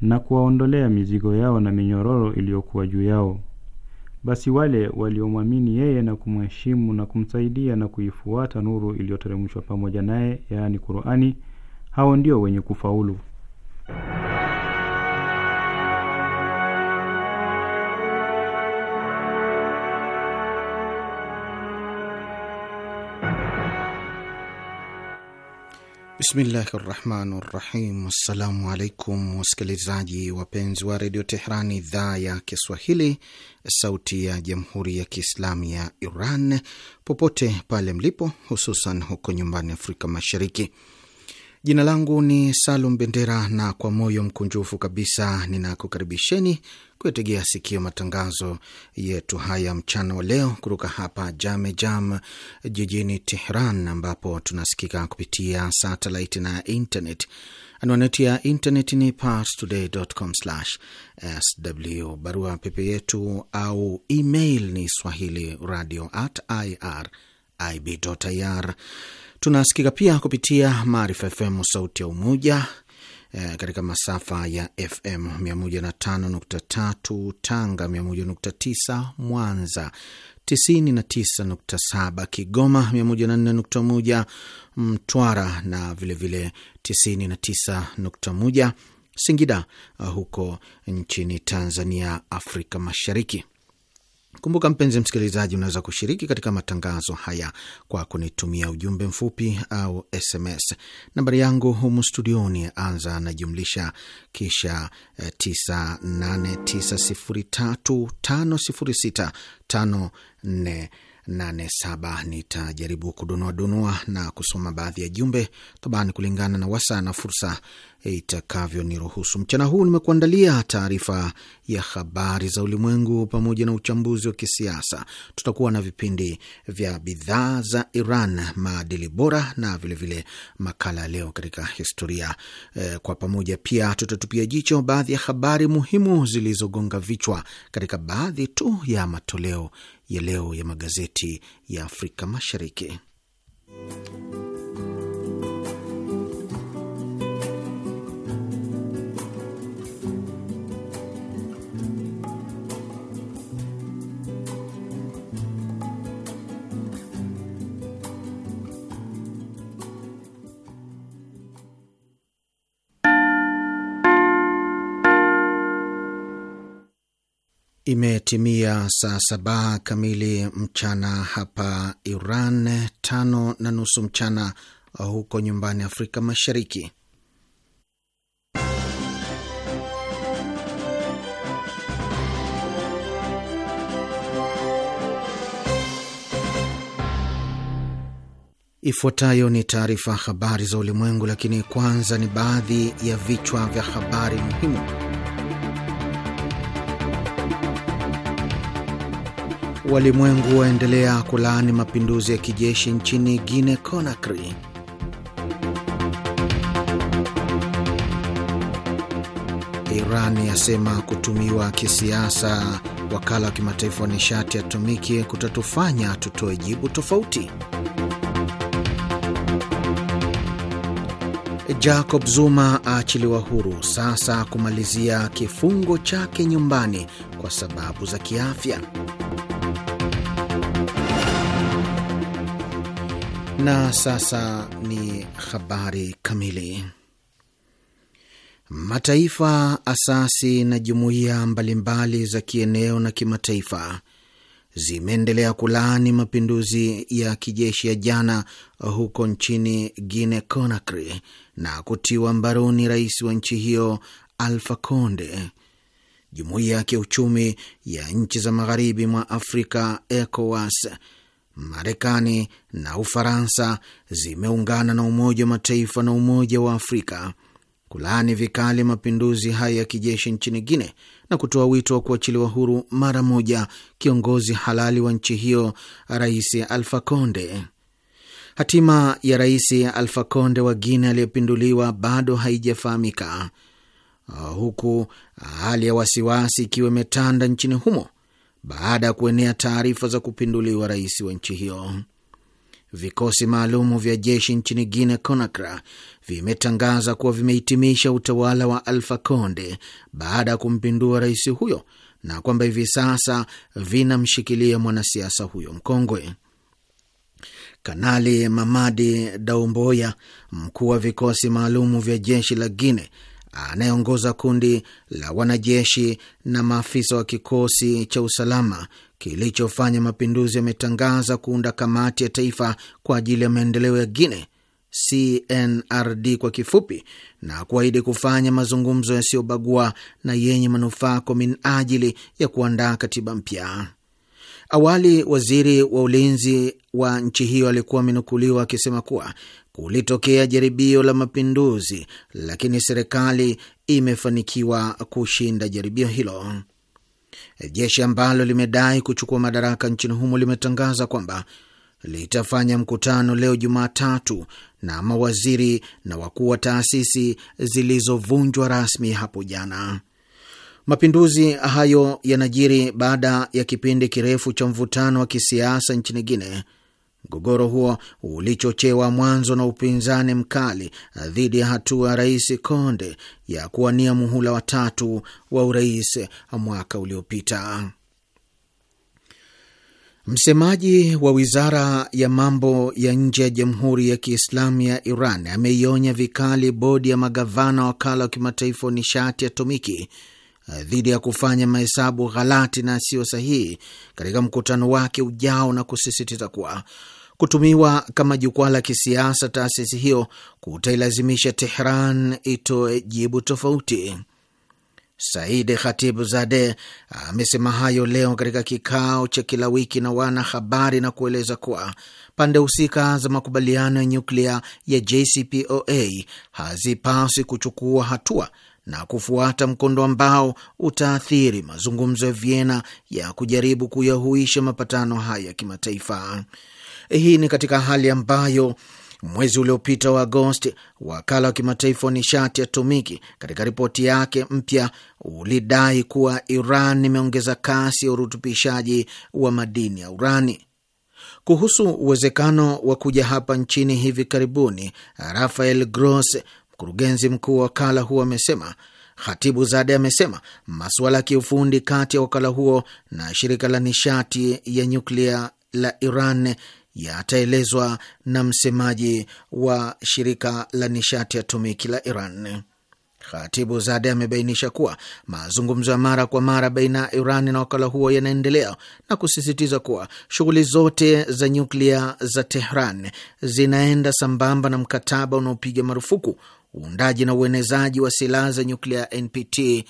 na kuwaondolea mizigo yao na minyororo iliyokuwa juu yao. Basi wale waliomwamini yeye na kumheshimu na kumsaidia na kuifuata nuru iliyoteremshwa pamoja naye, yaani Qur'ani, hao ndio wenye kufaulu. Bismillahi rahmani rahim. Assalamu alaikum wasikilizaji wapenzi wa redio Tehran, idhaa ya Kiswahili, sauti ya jamhuri ya kiislamu ya Iran, popote pale mlipo, hususan huko nyumbani Afrika Mashariki. Jina langu ni Salum Bendera, na kwa moyo mkunjufu kabisa ninakukaribisheni kuyategea sikio matangazo yetu haya mchana wa leo kutoka hapa Jame Jam jijini Tehran, ambapo tunasikika kupitia satellite na internet. Anwani ya internet ni parstoday.com/sw. Barua pepe yetu au email ni swahili radio at irib.ir Tunasikika pia kupitia Maarifa FM sauti ya Umoja e, katika masafa ya FM 105.3 Tanga, 101.9 Mwanza, 99.7 Kigoma, 104.1 Mtwara na vilevile 99.1 Singida eh, huko nchini Tanzania, Afrika Mashariki. Kumbuka mpenzi msikilizaji, unaweza kushiriki katika matangazo haya kwa kunitumia ujumbe mfupi au SMS. Nambari yangu humu studioni, anza na jumlisha kisha 4 eh, 87. Nitajaribu dunua na kusoma baadhi ya jumbe tabani, kulingana na wasaa na fursa itakavyo ruhusu Mchana huu nimekuandalia taarifa ya habari za ulimwengu pamoja na uchambuzi wa kisiasa. Tutakuwa na vipindi vya bidhaa za Iran, maadili bora, na vilevile vile makala leo katika historia. E, kwa pamoja pia tutatupia jicho baadhi ya habari muhimu zilizogonga vichwa katika baadhi tu ya matoleo ya leo ya magazeti ya Afrika Mashariki. Imetimia saa saba kamili mchana hapa Iran, tano na nusu mchana huko nyumbani Afrika Mashariki. Ifuatayo ni taarifa habari za ulimwengu, lakini kwanza ni baadhi ya vichwa vya habari muhimu. Walimwengu waendelea kulaani mapinduzi ya kijeshi nchini Guinea Conakry. Iran yasema kutumiwa kisiasa wakala wa kimataifa wa nishati atomiki kutatufanya tutoe jibu tofauti. Jacob Zuma aachiliwa huru sasa kumalizia kifungo chake nyumbani kwa sababu za kiafya. Na sasa ni habari kamili. Mataifa, asasi na jumuiya mbalimbali za kieneo na kimataifa zimeendelea kulaani mapinduzi ya kijeshi ya jana huko nchini Guinea Conakry na kutiwa mbaroni rais wa nchi hiyo Alpha Conde. Jumuiya ya kiuchumi ya nchi za magharibi mwa Afrika, ECOWAS, Marekani na Ufaransa zimeungana na Umoja wa Mataifa na Umoja wa Afrika kulaani vikali mapinduzi haya ya kijeshi nchini Guine na kutoa wito wa kuachiliwa huru mara moja kiongozi halali wa nchi hiyo, Rais Alfa Conde. Hatima ya Rais Alfa Conde wa Guine aliyepinduliwa bado haijafahamika, huku hali ya wasiwasi ikiwa imetanda nchini humo baada ya kuenea taarifa za kupinduliwa rais wa nchi hiyo. Vikosi maalumu vya jeshi nchini Guinea Conakry vimetangaza kuwa vimehitimisha utawala wa Alpha Conde baada ya kumpindua rais huyo na kwamba hivi sasa vinamshikilia mwanasiasa huyo mkongwe. Kanali Mamadi Daumboya, mkuu wa vikosi maalumu vya jeshi la Guinea, anayeongoza kundi la wanajeshi na maafisa wa kikosi cha usalama kilichofanya mapinduzi ametangaza kuunda kamati ya taifa kwa ajili ya maendeleo ya Guine CNRD kwa kifupi, na kuahidi kufanya mazungumzo yasiyobagua na yenye manufaa kwa minajili ya kuandaa katiba mpya. Awali waziri wa ulinzi wa nchi hiyo alikuwa amenukuliwa akisema kuwa kulitokea jaribio la mapinduzi, lakini serikali imefanikiwa kushinda jaribio hilo. Jeshi ambalo limedai kuchukua madaraka nchini humo limetangaza kwamba litafanya mkutano leo Jumatatu na mawaziri na wakuu wa taasisi zilizovunjwa rasmi hapo jana. Mapinduzi hayo yanajiri baada ya kipindi kirefu cha mvutano wa kisiasa nchini Guinea Mgogoro huo ulichochewa mwanzo na upinzani mkali dhidi ya hatua ya Rais Konde ya kuwania muhula watatu wa urais mwaka uliopita. Msemaji wa wizara ya mambo ya nje ya Jamhuri ya Kiislamu ya Iran ameionya vikali bodi ya magavana wakala wa kimataifa wa nishati atomiki dhidi ya kufanya mahesabu ghalati na yasiyo sahihi katika mkutano wake ujao na kusisitiza kuwa kutumiwa kama jukwaa la kisiasa taasisi hiyo kutailazimisha Tehran itoe jibu tofauti. Said Khatib Zade amesema hayo leo katika kikao cha kila wiki na wanahabari na kueleza kuwa pande husika za makubaliano ya nyuklia ya JCPOA hazipaswi kuchukua hatua na kufuata mkondo ambao utaathiri mazungumzo ya Vienna ya kujaribu kuyahuisha mapatano haya ya kimataifa. Hii ni katika hali ambayo mwezi uliopita wa Agosti, wakala wa kimataifa wa nishati ya tumiki katika ripoti yake mpya ulidai kuwa Iran imeongeza kasi ya urutubishaji wa madini ya urani. Kuhusu uwezekano wa kuja hapa nchini hivi karibuni, Rafael Gross, mkurugenzi mkuu wa wakala huo, amesema hatibu Zade amesema masuala ya kiufundi kati ya wakala huo na shirika la nishati ya nyuklia la Iran yataelezwa na msemaji wa shirika la nishati atomiki la Iran. Khatibu Zade amebainisha kuwa mazungumzo ya mara kwa mara baina ya Iran na wakala huo yanaendelea na kusisitiza kuwa shughuli zote za nyuklia za Tehran zinaenda sambamba na mkataba unaopiga marufuku uundaji na uenezaji wa silaha za nyuklia NPT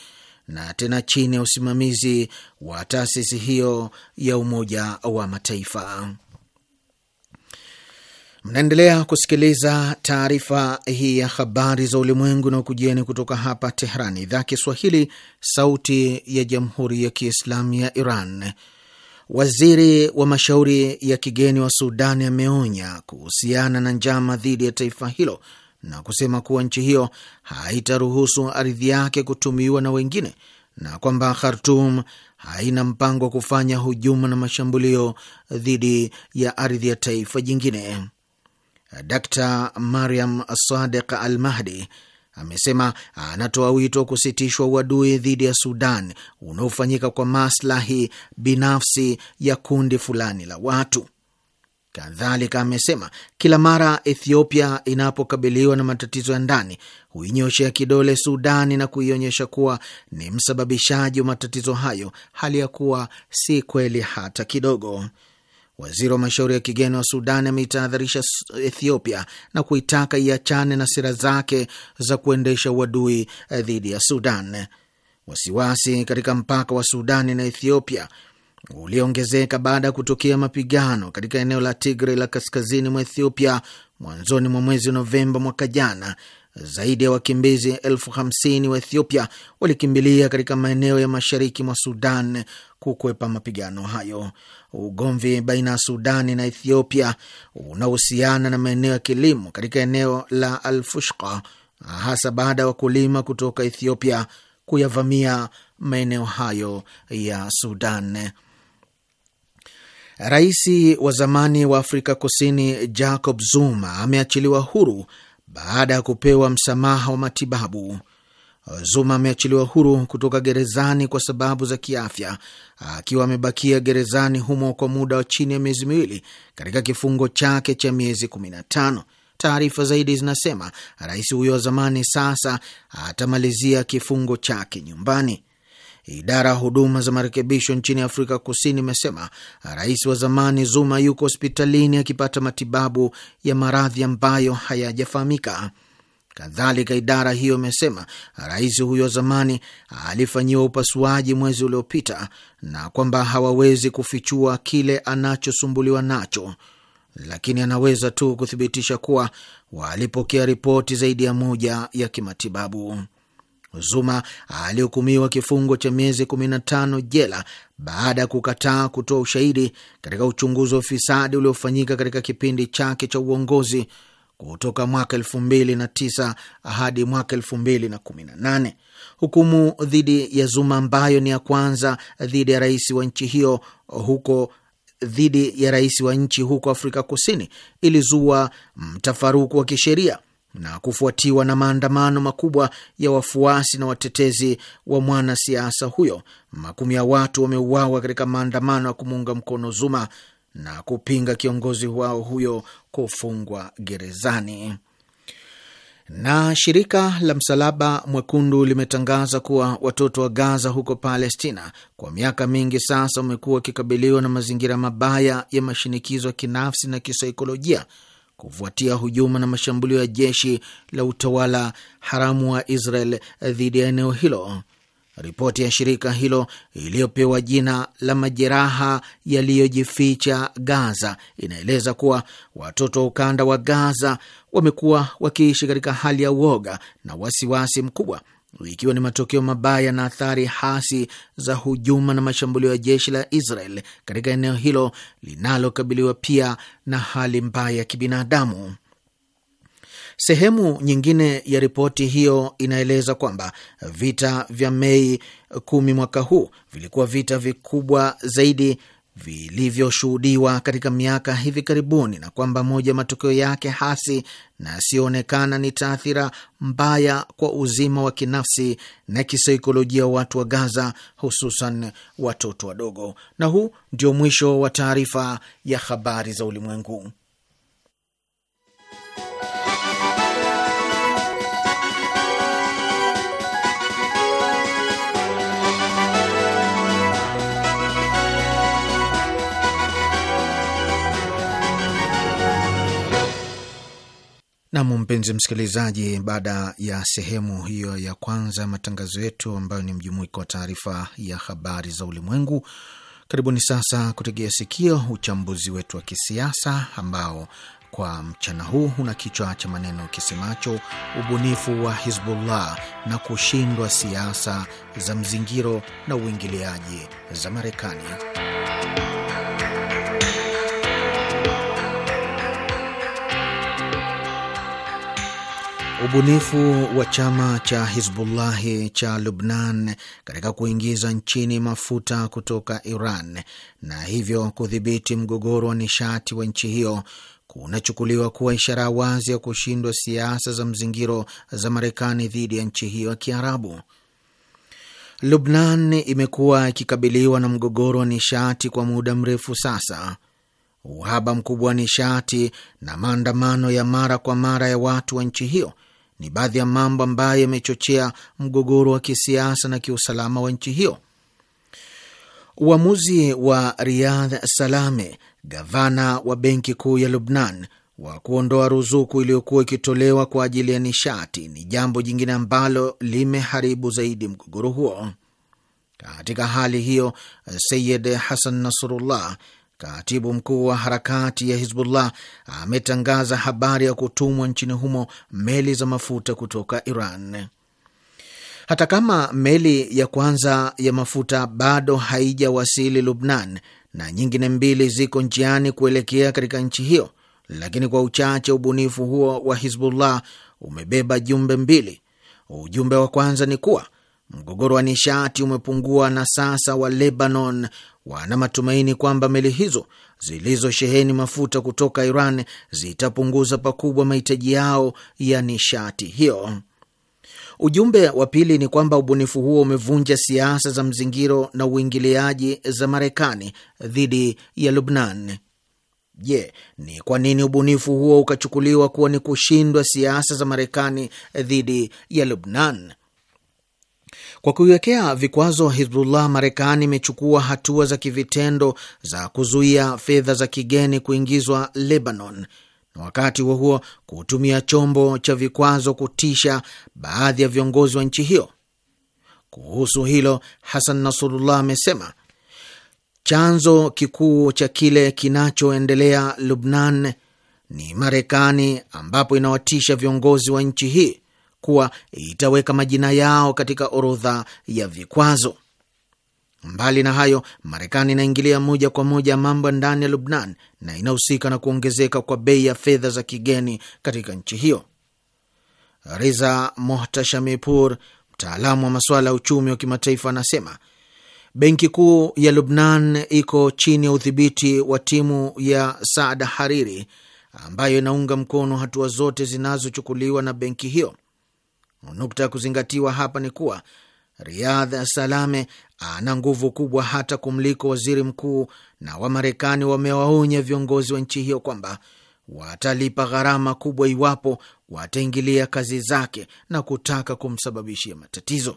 na tena chini ya usimamizi wa taasisi hiyo ya Umoja wa Mataifa. Mnaendelea kusikiliza taarifa hii ya habari za ulimwengu na ukujieni kutoka hapa Tehrani, idhaa Kiswahili, sauti ya jamhuri ya kiislamu ya Iran. Waziri wa mashauri ya kigeni wa Sudani ameonya kuhusiana na njama dhidi ya taifa hilo na kusema kuwa nchi hiyo haitaruhusu ardhi yake kutumiwa na wengine na kwamba Khartum haina mpango wa kufanya hujuma na mashambulio dhidi ya ardhi ya taifa jingine. Dr Mariam Sadiq Al Mahdi amesema anatoa wito wa kusitishwa uadui dhidi ya Sudan unaofanyika kwa maslahi binafsi ya kundi fulani la watu. Kadhalika amesema kila mara Ethiopia inapokabiliwa na matatizo ya ndani huinyoshea kidole Sudani na kuionyesha kuwa ni msababishaji wa matatizo hayo, hali ya kuwa si kweli hata kidogo. Waziri wa mashauri ya kigeni wa Sudan ameitahadharisha Ethiopia na kuitaka iachane na sera zake za kuendesha uadui eh, dhidi ya Sudan. Wasiwasi katika mpaka wa Sudani na Ethiopia uliongezeka baada ya kutokea mapigano katika eneo la Tigre la kaskazini mwa Ethiopia mwanzoni mwa mwezi Novemba mwaka jana. Zaidi ya wakimbizi elfu hamsini wa Ethiopia walikimbilia katika maeneo ya mashariki mwa Sudan kukwepa mapigano hayo. Ugomvi baina ya Sudani na Ethiopia unahusiana na maeneo ya kilimo katika eneo la Alfushka, hasa baada ya wakulima kutoka Ethiopia kuyavamia maeneo hayo ya Sudan. Rais wa zamani wa Afrika Kusini Jacob Zuma ameachiliwa huru baada ya kupewa msamaha wa matibabu. Zuma ameachiliwa huru kutoka gerezani kwa sababu za kiafya, akiwa amebakia gerezani humo kwa muda wa chini ya miezi miwili katika kifungo chake cha miezi 15. Taarifa zaidi zinasema rais huyo wa zamani sasa atamalizia kifungo chake nyumbani. Idara ya huduma za marekebisho nchini Afrika Kusini imesema rais wa zamani Zuma yuko hospitalini akipata matibabu ya maradhi ambayo hayajafahamika. Kadhalika, idara hiyo imesema rais huyo wa zamani alifanyiwa upasuaji mwezi uliopita na kwamba hawawezi kufichua kile anachosumbuliwa nacho, lakini anaweza tu kuthibitisha kuwa walipokea ripoti zaidi ya moja ya kimatibabu. Zuma alihukumiwa kifungo cha miezi 15 jela baada ya kukataa kutoa ushahidi katika uchunguzi wa ufisadi uliofanyika katika kipindi chake cha uongozi kutoka mwaka elfu mbili na tisa hadi mwaka elfu mbili na kumi na nane. Hukumu dhidi ya Zuma ambayo ni ya kwanza dhidi ya rais wa nchi hiyo huko dhidi ya rais wa nchi huko Afrika Kusini ilizua mtafaruku wa kisheria na kufuatiwa na maandamano makubwa ya wafuasi na watetezi wa mwanasiasa huyo. Makumi ya watu wameuawa katika maandamano ya kumuunga mkono Zuma na kupinga kiongozi wao huyo kufungwa gerezani. Na shirika la Msalaba Mwekundu limetangaza kuwa watoto wa Gaza huko Palestina kwa miaka mingi sasa wamekuwa wakikabiliwa na mazingira mabaya ya mashinikizo ya kinafsi na kisaikolojia kufuatia hujuma na mashambulio ya jeshi la utawala haramu wa Israel dhidi ya eneo hilo. Ripoti ya shirika hilo iliyopewa jina la majeraha yaliyojificha Gaza inaeleza kuwa watoto wa ukanda wa Gaza wamekuwa wakiishi katika hali ya uoga na wasiwasi mkubwa, ikiwa ni matokeo mabaya na athari hasi za hujuma na mashambulio ya jeshi la Israel katika eneo hilo linalokabiliwa pia na hali mbaya ya kibinadamu. Sehemu nyingine ya ripoti hiyo inaeleza kwamba vita vya Mei kumi mwaka huu vilikuwa vita vikubwa zaidi vilivyoshuhudiwa katika miaka hivi karibuni na kwamba moja ya matokeo yake hasi na yasiyoonekana ni taathira mbaya kwa uzima wa kinafsi na kisaikolojia wa watu wa Gaza, hususan watoto wadogo. Na huu ndio mwisho wa taarifa ya habari za ulimwengu. Nam, mpenzi msikilizaji, baada ya sehemu hiyo ya kwanza matangazo yetu ambayo ni mjumuiko wa taarifa ya habari za ulimwengu, karibuni sasa kutegea sikio uchambuzi wetu wa kisiasa ambao kwa mchana huu una kichwa cha maneno kisemacho ubunifu wa Hizbullah na kushindwa siasa za mzingiro na uingiliaji za Marekani. Ubunifu wa chama cha Hizbullahi cha Lubnan katika kuingiza nchini mafuta kutoka Iran na hivyo kudhibiti mgogoro wa nishati wa nchi hiyo kunachukuliwa kuwa ishara wazi ya kushindwa siasa za mzingiro za Marekani dhidi ya nchi hiyo ya Kiarabu. Lubnan imekuwa ikikabiliwa na mgogoro wa nishati kwa muda mrefu sasa. Uhaba mkubwa wa nishati na maandamano ya mara kwa mara ya watu wa nchi hiyo ni baadhi ya mambo ambayo yamechochea mgogoro wa kisiasa na kiusalama wa nchi hiyo. Uamuzi wa Riyadh Salame, gavana wa benki kuu ya Lubnan, wa kuondoa ruzuku iliyokuwa ikitolewa kwa ajili ya nishati ni jambo jingine ambalo limeharibu zaidi mgogoro huo. Katika hali hiyo, Sayid Hasan Nasrullah, Katibu mkuu wa harakati ya Hizbullah ametangaza habari ya kutumwa nchini humo meli za mafuta kutoka Iran. Hata kama meli ya kwanza ya mafuta bado haijawasili Lubnan na nyingine mbili ziko njiani kuelekea katika nchi hiyo, lakini kwa uchache ubunifu huo wa Hizbullah umebeba jumbe mbili. Ujumbe wa kwanza ni kuwa Mgogoro wa nishati umepungua na sasa wa Lebanon wana matumaini kwamba meli hizo zilizosheheni mafuta kutoka Iran zitapunguza pakubwa mahitaji yao ya nishati hiyo. Ujumbe wa pili ni kwamba ubunifu huo umevunja siasa za mzingiro na uingiliaji za Marekani dhidi ya Lubnan. Je, yeah, ni kwa nini ubunifu huo ukachukuliwa kuwa ni kushindwa siasa za Marekani dhidi ya Lubnan? Kwa kuiwekea vikwazo Hizbullah, Marekani imechukua hatua za kivitendo za kuzuia fedha za kigeni kuingizwa Lebanon na wakati huo huo kutumia chombo cha vikwazo kutisha baadhi ya viongozi wa nchi hiyo. Kuhusu hilo, Hasan Nasrullah amesema chanzo kikuu cha kile kinachoendelea Lubnan ni Marekani, ambapo inawatisha viongozi wa nchi hii kuwa itaweka majina yao katika orodha ya vikwazo. Mbali na hayo, Marekani inaingilia moja kwa moja mambo ndani ya Lubnan na inahusika na kuongezeka kwa bei ya fedha za kigeni katika nchi hiyo. Riza Mohtashamipur, mtaalamu wa masuala ya uchumi wa kimataifa, anasema benki kuu ya Lubnan iko chini ya udhibiti wa timu ya Saada Hariri ambayo inaunga mkono hatua zote zinazochukuliwa na benki hiyo Nukta ya kuzingatiwa hapa ni kuwa Riyadh Salame ana nguvu kubwa hata kumliko waziri mkuu, na Wamarekani wamewaonya viongozi wa nchi hiyo kwamba watalipa gharama kubwa iwapo wataingilia kazi zake na kutaka kumsababishia matatizo.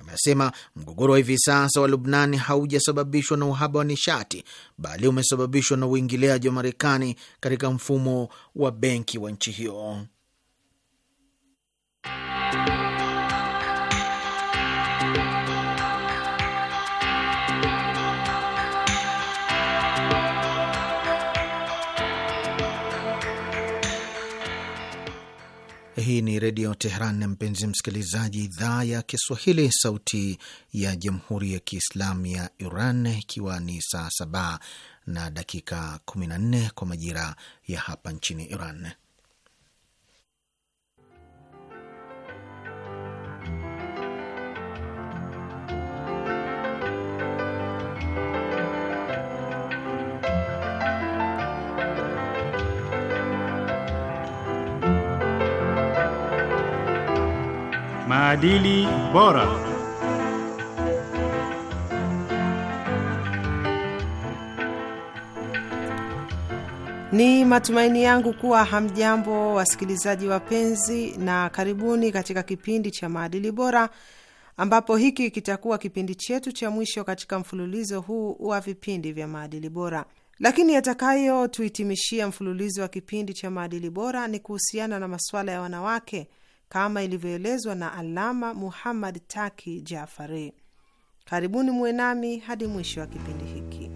Amesema mgogoro wa hivi sasa wa Lubnani haujasababishwa na uhaba wa nishati, bali umesababishwa na uingiliaji wa Marekani katika mfumo wa benki wa nchi hiyo. Hii ni Redio Teheran, mpenzi msikilizaji, idhaa ya Kiswahili, sauti ya Jamhuri ya Kiislamu ya Iran, ikiwa ni saa saba na dakika 14 kwa majira ya hapa nchini Iran. Maadili bora. Ni matumaini yangu kuwa hamjambo wasikilizaji wapenzi, na karibuni katika kipindi cha maadili bora, ambapo hiki kitakuwa kipindi chetu cha mwisho katika mfululizo huu wa vipindi vya maadili bora. Lakini yatakayotuhitimishia mfululizo wa kipindi cha maadili bora ni kuhusiana na masuala ya wanawake kama ilivyoelezwa na Alama Muhammad Taki Jafari. Karibuni muwe nami hadi mwisho wa kipindi hiki.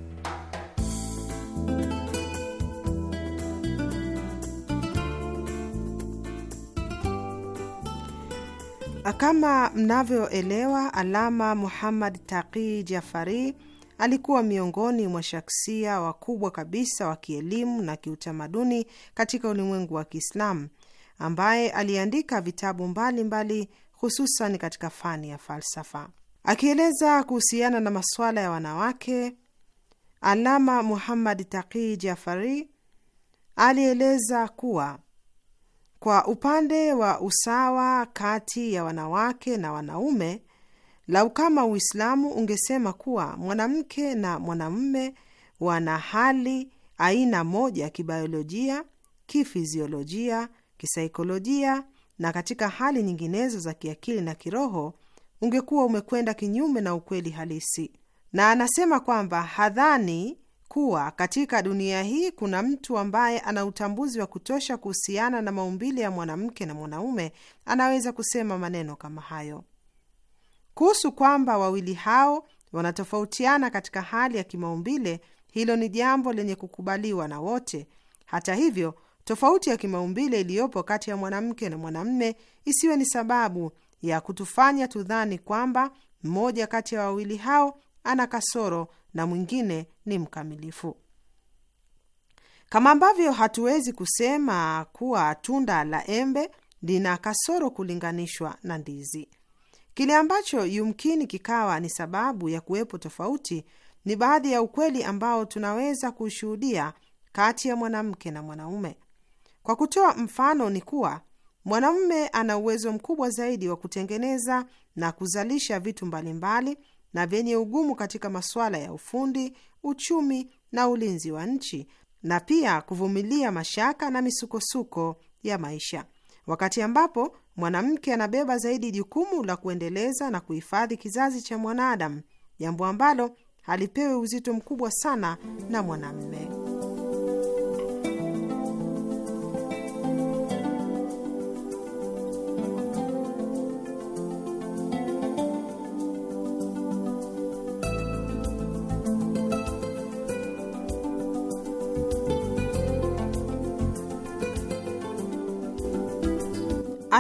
Kama mnavyoelewa, Alama Muhammad Taqi Jafari alikuwa miongoni mwa shaksia wakubwa kabisa wa kielimu na kiutamaduni katika ulimwengu wa Kiislamu ambaye aliandika vitabu mbalimbali hususan katika fani ya falsafa. Akieleza kuhusiana na masuala ya wanawake, Alama Muhammad Taqi Jafari alieleza kuwa kwa upande wa usawa kati ya wanawake na wanaume, lau kama Uislamu ungesema kuwa mwanamke na mwanamume wana hali aina moja ya kibiolojia, kifiziolojia kisaikolojia na katika hali nyinginezo za kiakili na kiroho, ungekuwa umekwenda kinyume na ukweli halisi. Na anasema kwamba hadhani kuwa katika dunia hii kuna mtu ambaye ana utambuzi wa kutosha kuhusiana na maumbile ya mwanamke na mwanaume anaweza kusema maneno kama hayo kuhusu kwamba wawili hao wanatofautiana katika hali ya kimaumbile. Hilo ni jambo lenye kukubaliwa na wote. Hata hivyo, tofauti ya kimaumbile iliyopo kati ya mwanamke na mwanamme isiwe ni sababu ya kutufanya tudhani kwamba mmoja kati ya wawili hao ana kasoro na mwingine ni mkamilifu. Kama ambavyo hatuwezi kusema kuwa tunda la embe lina kasoro kulinganishwa na ndizi. Kile ambacho yumkini kikawa ni sababu ya kuwepo tofauti ni baadhi ya ukweli ambao tunaweza kushuhudia kati ya mwanamke na mwanaume. Kwa kutoa mfano, ni kuwa mwanamume ana uwezo mkubwa zaidi wa kutengeneza na kuzalisha vitu mbalimbali na vyenye ugumu katika masuala ya ufundi, uchumi na ulinzi wa nchi, na pia kuvumilia mashaka na misukosuko ya maisha, wakati ambapo mwanamke anabeba zaidi jukumu la kuendeleza na kuhifadhi kizazi cha mwanadamu, jambo ambalo halipewi uzito mkubwa sana na mwanamume.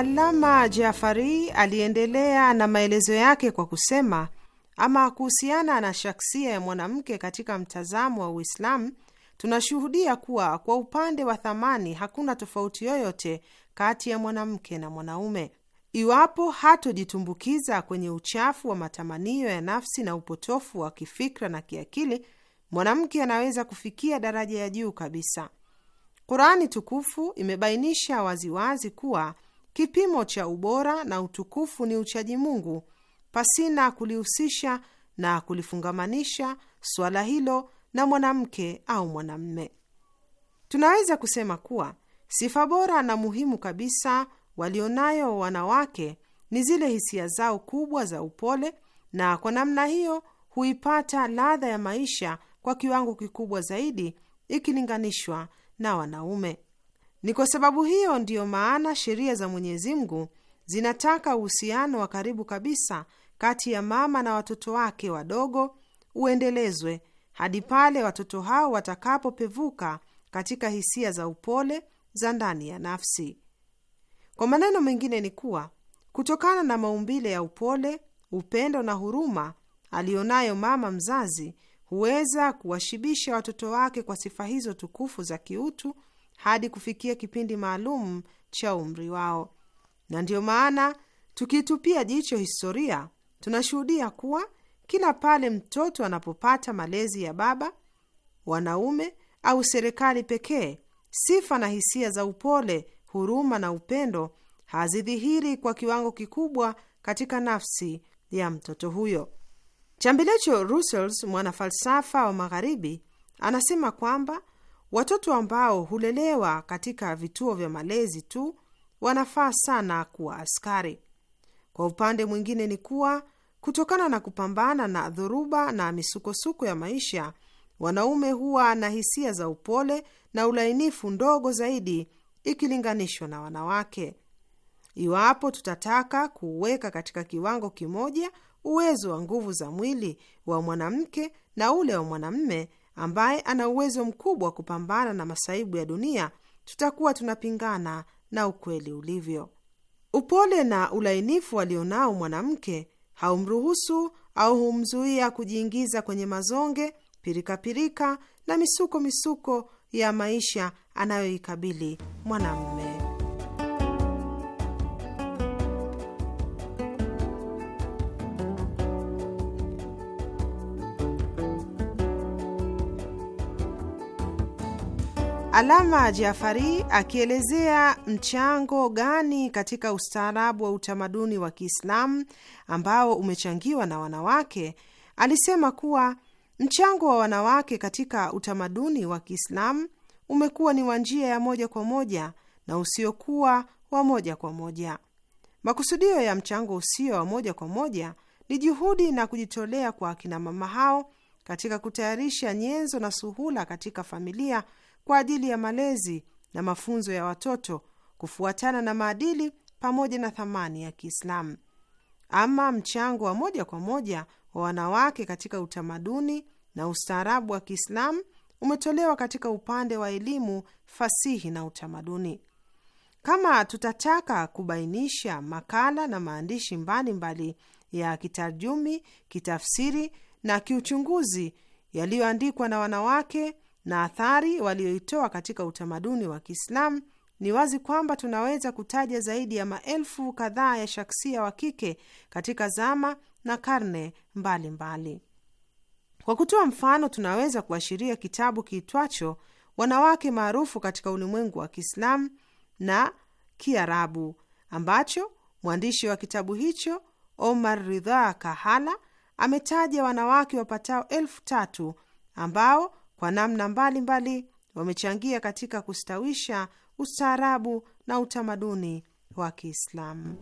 Alama Jafari aliendelea na maelezo yake kwa kusema, ama kuhusiana na shaksia ya mwanamke katika mtazamo wa Uislamu, tunashuhudia kuwa kwa upande wa thamani hakuna tofauti yoyote kati ya mwanamke na mwanaume. Iwapo hatojitumbukiza kwenye uchafu wa matamanio ya nafsi na upotofu wa kifikra na kiakili, mwanamke anaweza kufikia daraja ya juu kabisa. qurani tukufu imebainisha waziwazi kuwa Kipimo cha ubora na utukufu ni uchaji Mungu pasina kulihusisha na kulifungamanisha suala hilo na mwanamke au mwanamme. Tunaweza kusema kuwa sifa bora na muhimu kabisa walionayo wanawake ni zile hisia zao kubwa za upole, na kwa namna hiyo huipata ladha ya maisha kwa kiwango kikubwa zaidi ikilinganishwa na wanaume. Ni kwa sababu hiyo ndiyo maana sheria za Mwenyezi Mungu zinataka uhusiano wa karibu kabisa kati ya mama na watoto wake wadogo uendelezwe hadi pale watoto hao watakapopevuka katika hisia za upole za ndani ya nafsi. Kwa maneno mengine ni kuwa kutokana na maumbile ya upole, upendo na huruma aliyonayo mama mzazi, huweza kuwashibisha watoto wake kwa sifa hizo tukufu za kiutu hadi kufikia kipindi maalum cha umri wao, na ndiyo maana tukitupia jicho historia tunashuhudia kuwa kila pale mtoto anapopata malezi ya baba, wanaume au serikali pekee, sifa na hisia za upole, huruma na upendo hazidhihiri kwa kiwango kikubwa katika nafsi ya mtoto huyo. Chambilecho Russell, mwanafalsafa wa Magharibi, anasema kwamba Watoto ambao hulelewa katika vituo vya malezi tu wanafaa sana kuwa askari. Kwa upande mwingine ni kuwa kutokana na kupambana na dhoruba na misukosuko ya maisha, wanaume huwa na hisia za upole na ulainifu ndogo zaidi ikilinganishwa na wanawake. Iwapo tutataka kuweka katika kiwango kimoja uwezo wa nguvu za mwili wa mwanamke na ule wa mwanamme, ambaye ana uwezo mkubwa wa kupambana na masaibu ya dunia, tutakuwa tunapingana na ukweli ulivyo. Upole na ulainifu alionao mwanamke haumruhusu au humzuia kujiingiza kwenye mazonge, pirikapirika pirika na misuko misuko ya maisha anayoikabili mwanamume. Alama Jafari akielezea mchango gani katika ustaarabu wa utamaduni wa Kiislamu ambao umechangiwa na wanawake, alisema kuwa mchango wa wanawake katika utamaduni wa Kiislamu umekuwa ni wa njia ya moja kwa moja na usiokuwa wa moja kwa moja. Makusudio ya mchango usio wa moja kwa moja ni juhudi na kujitolea kwa akinamama hao katika kutayarisha nyenzo na suhula katika familia kwa ajili ya malezi na mafunzo ya watoto kufuatana na maadili pamoja na thamani ya Kiislamu. Ama mchango wa moja kwa moja wa wanawake katika utamaduni na ustaarabu wa Kiislamu umetolewa katika upande wa elimu, fasihi na utamaduni. Kama tutataka kubainisha makala na maandishi mbalimbali mbali ya kitarjumi, kitafsiri na kiuchunguzi yaliyoandikwa na wanawake na athari walioitoa katika utamaduni wa Kiislamu, ni wazi kwamba tunaweza kutaja zaidi ya maelfu kadhaa ya shaksia wa kike katika zama na karne mbalimbali mbali. Kwa kutoa mfano, tunaweza kuashiria kitabu kiitwacho Wanawake Maarufu katika Ulimwengu wa Kiislamu na Kiarabu ambacho mwandishi wa kitabu hicho Omar Ridha Kahala ametaja wanawake wapatao elfu tatu ambao kwa namna mbalimbali mbali, wamechangia katika kustawisha ustaarabu na utamaduni wa Kiislamu.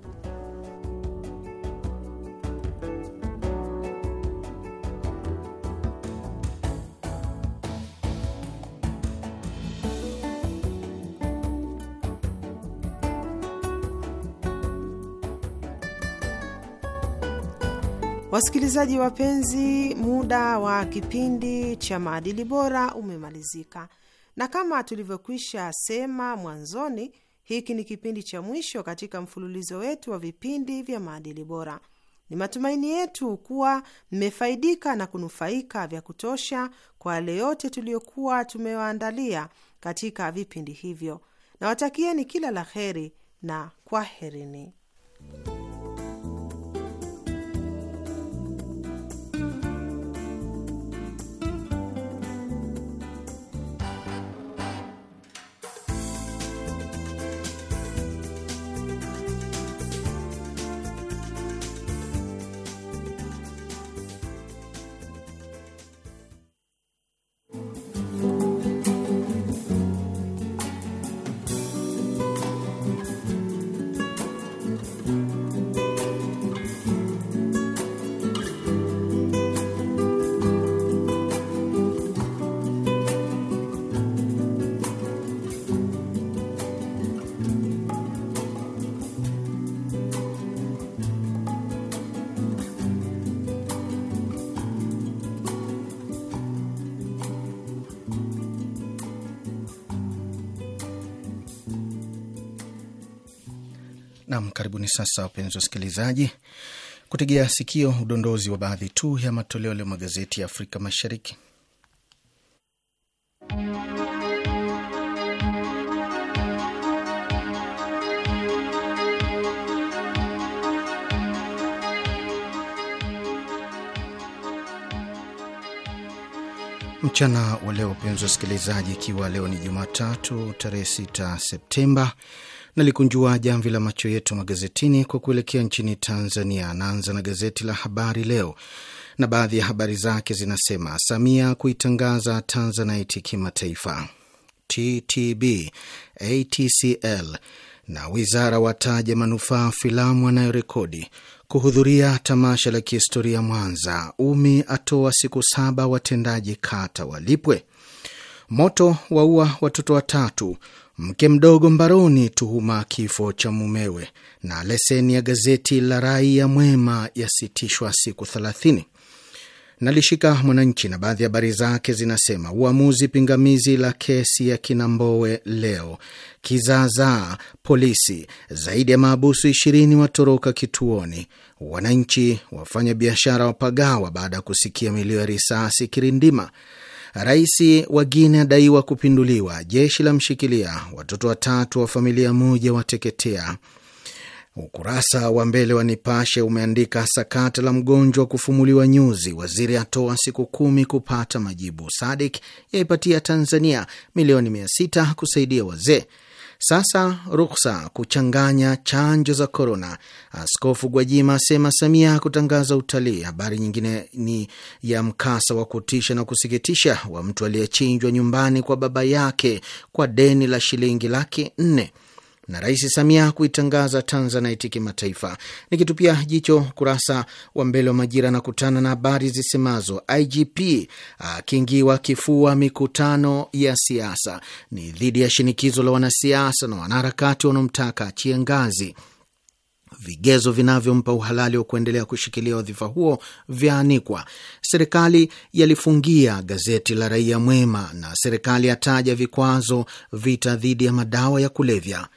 Wasikilizaji wapenzi, muda wa kipindi cha maadili bora umemalizika, na kama tulivyokwisha sema mwanzoni, hiki ni kipindi cha mwisho katika mfululizo wetu wa vipindi vya maadili bora. Ni matumaini yetu kuwa mmefaidika na kunufaika vya kutosha kwa yale yote tuliyokuwa tumewaandalia katika vipindi hivyo, nawatakieni kila la heri na kwaherini. Karibuni sasa wapenzi wasikilizaji, kutegea sikio udondozi wa baadhi tu ya matoleo leo magazeti ya Afrika Mashariki. Mchana wa leo, wapenzi wasikilizaji, ikiwa leo ni Jumatatu tarehe 6 Septemba nalikunjua jamvi la macho yetu magazetini kwa kuelekea nchini Tanzania. anaanza na gazeti la Habari Leo na baadhi ya habari zake zinasema: Samia kuitangaza Tanzanite kimataifa, TTB, ATCL na wizara wataja manufaa filamu anayorekodi kuhudhuria tamasha la kihistoria Mwanza. Umi atoa siku saba watendaji kata walipwe. Moto waua watoto watatu mke mdogo mbaroni, tuhuma kifo cha mumewe, na leseni ya gazeti la Raia Mwema yasitishwa siku thelathini. Nalishika Mwananchi na baadhi ya habari zake zinasema: uamuzi pingamizi la kesi ya Kinambowe leo kizaazaa, polisi zaidi ya maabusu ishirini watoroka kituoni, wananchi wafanya biashara wapagawa baada ya kusikia milio ya risasi Kirindima, Rais wa Guinea adaiwa kupinduliwa, jeshi la mshikilia, watoto watatu wa familia moja wateketea. Ukurasa wa mbele wa Nipashe umeandika sakata la mgonjwa kufumuliwa nyuzi, waziri atoa siku kumi kupata majibu. Sadik yaipatia Tanzania milioni mia sita kusaidia wazee sasa ruksa kuchanganya chanjo za korona, Askofu Gwajima asema Samia kutangaza utalii. Habari nyingine ni ya mkasa wa kutisha na kusikitisha wa mtu aliyechinjwa nyumbani kwa baba yake kwa deni la shilingi laki nne na Rais Samia kuitangaza Tanzanite kimataifa. Nikitupia jicho kurasa wa mbele wa Majira na kutana na habari zisemazo IGP akiingiwa kifua mikutano ya siasa, ni dhidi ya shinikizo la wanasiasa na wanaharakati wanaomtaka achie ngazi vigezo vinavyompa uhalali wa kuendelea kushikilia wadhifa huo vyaanikwa. Serikali yalifungia gazeti la Raia Mwema, na serikali yataja vikwazo vita dhidi ya madawa ya kulevya.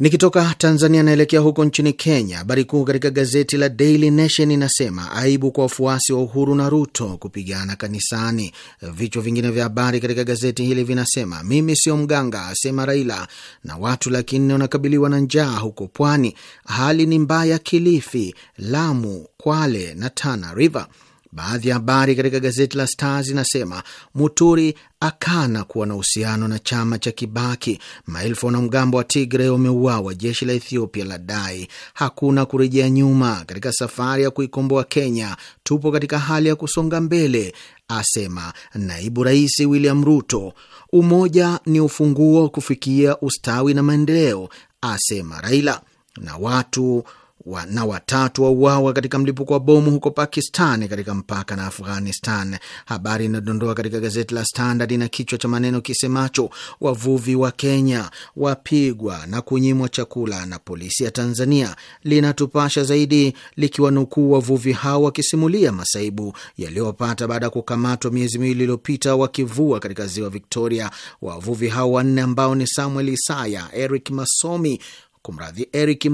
Nikitoka Tanzania naelekea huko nchini Kenya. Habari kuu katika gazeti la Daily Nation inasema aibu kwa wafuasi wa Uhuru na Ruto kupigana kanisani. Vichwa vingine vya habari katika gazeti hili vinasema mimi sio mganga, asema Raila, na watu laki nne wanakabiliwa na njaa huko pwani, hali ni mbaya Kilifi, Lamu, Kwale na Tana River. Baadhi ya habari katika gazeti la Star zinasema Muturi akana kuwa na uhusiano na chama cha Kibaki. Maelfu wanamgambo wa tigre wameuawa, jeshi la Ethiopia la dai hakuna kurejea nyuma katika safari ya kuikomboa Kenya, tupo katika hali ya kusonga mbele, asema naibu rais William Ruto. Umoja ni ufunguo kufikia ustawi na maendeleo, asema Raila na watu wa na watatu wauawa katika mlipuko wa bomu huko Pakistan katika mpaka na Afghanistan. Habari inadondoa katika gazeti la Standard na kichwa cha maneno kisemacho wavuvi wa Kenya wapigwa na kunyimwa chakula na polisi ya Tanzania. Linatupasha zaidi likiwanukuu wavuvi hao wakisimulia masaibu yaliyopata baada ya kukamatwa miezi miwili iliyopita wakivua katika ziwa Victoria. Wavuvi hao wanne ambao ni Samuel Isaya, Eric Masomi, kumradhi, Eric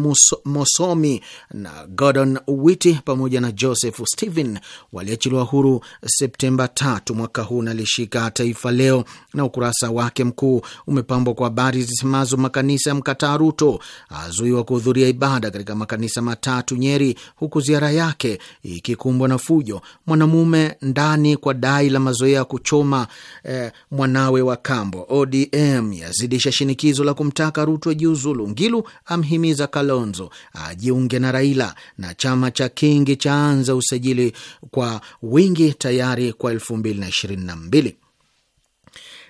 Mosomi na Gordon Witi pamoja na Joseph Stephen waliachiliwa huru Septemba tatu mwaka huu, nalishika Taifa Leo na ukurasa wake mkuu umepambwa kwa habari zisemazo makanisa ya mkataa Ruto azuiwa kuhudhuria ibada katika makanisa matatu Nyeri, huku ziara yake ikikumbwa na fujo. Mwanamume ndani kwa dai la mazoea ya kuchoma eh, mwanawe wa kambo. ODM yazidisha shinikizo la kumtaka Ruto ajiuzulu. Ngilu amhimiza Kalonzo ajiunge na Raila, na chama cha Kingi chaanza usajili kwa wingi tayari kwa elfu mbili na ishirini na mbili.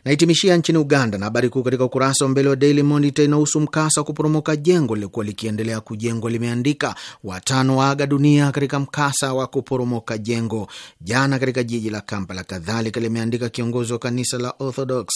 Nahitimishia nchini Uganda, na habari kuu katika ukurasa wa mbele wa Daily Monitor inahusu mkasa wa kuporomoka jengo lilikuwa likiendelea kujengwa. Limeandika watano waaga dunia katika mkasa wa kuporomoka jengo jana katika jiji la Kampala. Kadhalika limeandika kiongozi wa kanisa la Orthodox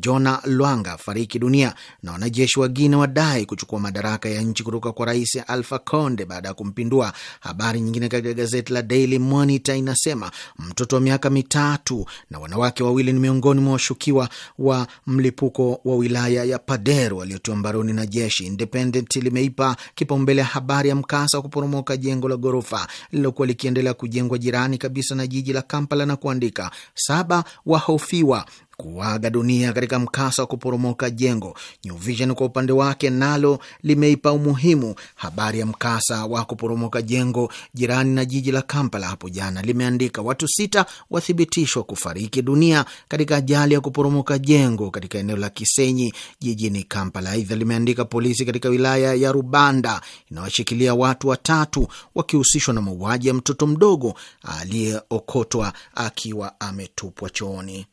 Jona Lwanga fariki dunia, na wanajeshi wa Guinea wadai kuchukua madaraka ya nchi kutoka kwa Rais Alpha Conde baada ya kumpindua. Habari nyingine katika gazeti la Daily Monitor inasema mtoto wa miaka mitatu na wanawake wawili ni miongoni mwa washukiwa mshukiwa wa mlipuko wa wilaya ya Pader waliotiwa mbaroni na jeshi. Independent limeipa kipaumbele habari ya mkasa wa kuporomoka jengo la ghorofa lililokuwa likiendelea kujengwa jirani kabisa na jiji la Kampala na kuandika, saba wahofiwa kuaga dunia katika mkasa wa kuporomoka jengo. New Vision kwa upande wake nalo limeipa umuhimu habari ya mkasa wa kuporomoka jengo jirani na jiji la Kampala hapo jana. Limeandika watu sita wathibitishwa kufariki dunia katika ajali ya kuporomoka jengo katika eneo la Kisenyi jijini Kampala. Aidha limeandika polisi katika wilaya ya Rubanda inawashikilia watu watatu wakihusishwa na mauaji ya mtoto mdogo aliyeokotwa akiwa ametupwa chooni.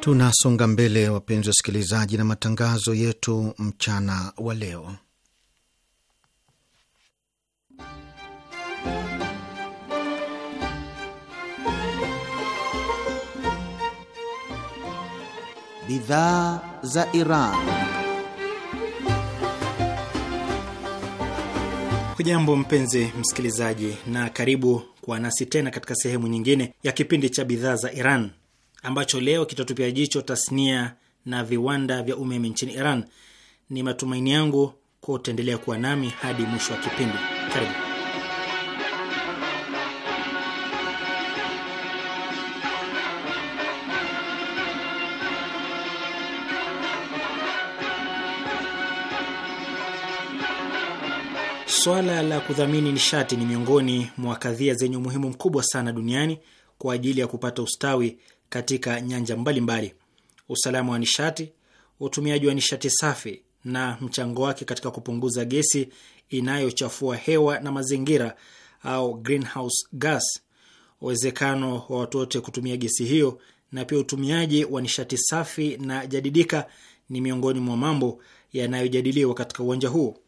Tunasonga mbele wapenzi wasikilizaji, na matangazo yetu mchana wa leo. Bidhaa za Iran. Hujambo mpenzi msikilizaji, na karibu kuwa nasi tena katika sehemu nyingine ya kipindi cha bidhaa za Iran ambacho leo kitatupia jicho tasnia na viwanda vya umeme nchini Iran. Ni matumaini yangu kwa utaendelea kuwa nami hadi mwisho wa kipindi. Karibu. Swala la kudhamini nishati ni miongoni mwa kadhia zenye umuhimu mkubwa sana duniani kwa ajili ya kupata ustawi katika nyanja mbalimbali. Usalama wa nishati, utumiaji wa nishati safi na mchango wake katika kupunguza gesi inayochafua hewa na mazingira au greenhouse gas, uwezekano wa watu wote kutumia gesi hiyo, na pia utumiaji wa nishati safi na jadidika ni miongoni mwa mambo yanayojadiliwa katika uwanja huo